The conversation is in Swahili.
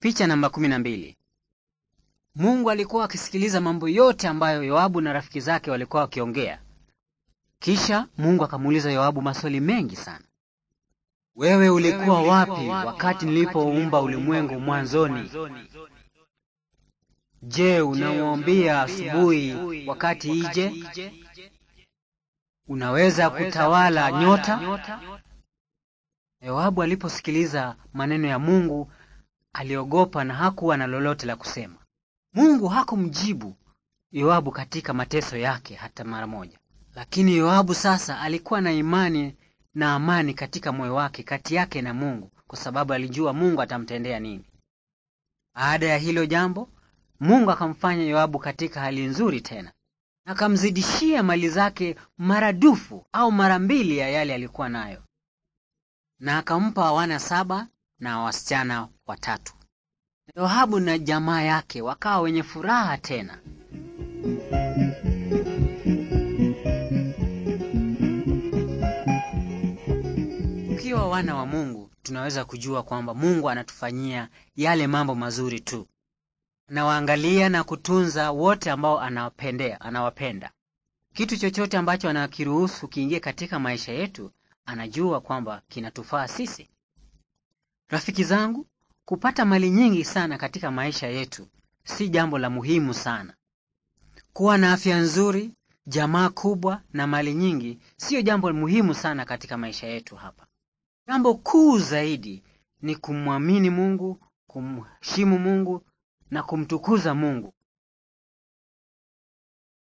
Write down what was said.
Picha namba Mungu alikuwa akisikiliza mambo yote ambayo Yoabu na rafiki zake walikuwa wakiongea. Kisha Mungu akamuuliza Yoabu maswali mengi sana. Wewe ulikuwa wapi wakati nilipoumba ulimwengu mwanzoni? Je, unamwambia asubuhi wakati ije? Unaweza kutawala nyota? Yoabu aliposikiliza maneno ya Mungu Aliogopa na hakuwa na lolote la kusema. Mungu hakumjibu Yoabu katika mateso yake hata mara moja. Lakini Yoabu sasa alikuwa na imani na amani katika moyo wake kati yake na Mungu kwa sababu alijua Mungu atamtendea nini. Baada ya hilo jambo, Mungu akamfanya Yoabu katika hali nzuri tena. Akamzidishia mali zake maradufu au mara mbili ya yale alikuwa nayo. Na akampa wana saba na wasichana watatu. Rahabu na jamaa yake wakawa wenye furaha tena. Tukiwa wana wa Mungu, tunaweza kujua kwamba Mungu anatufanyia yale mambo mazuri tu. Anawaangalia na kutunza wote ambao anawapendea, anawapenda. Kitu chochote ambacho anakiruhusu kiingie katika maisha yetu, anajua kwamba kinatufaa sisi. Rafiki zangu, kupata mali nyingi sana katika maisha yetu si jambo la muhimu sana. Kuwa na afya nzuri, jamaa kubwa na mali nyingi siyo jambo muhimu sana katika maisha yetu hapa. Jambo kuu zaidi ni kumwamini Mungu, kumheshimu Mungu na kumtukuza Mungu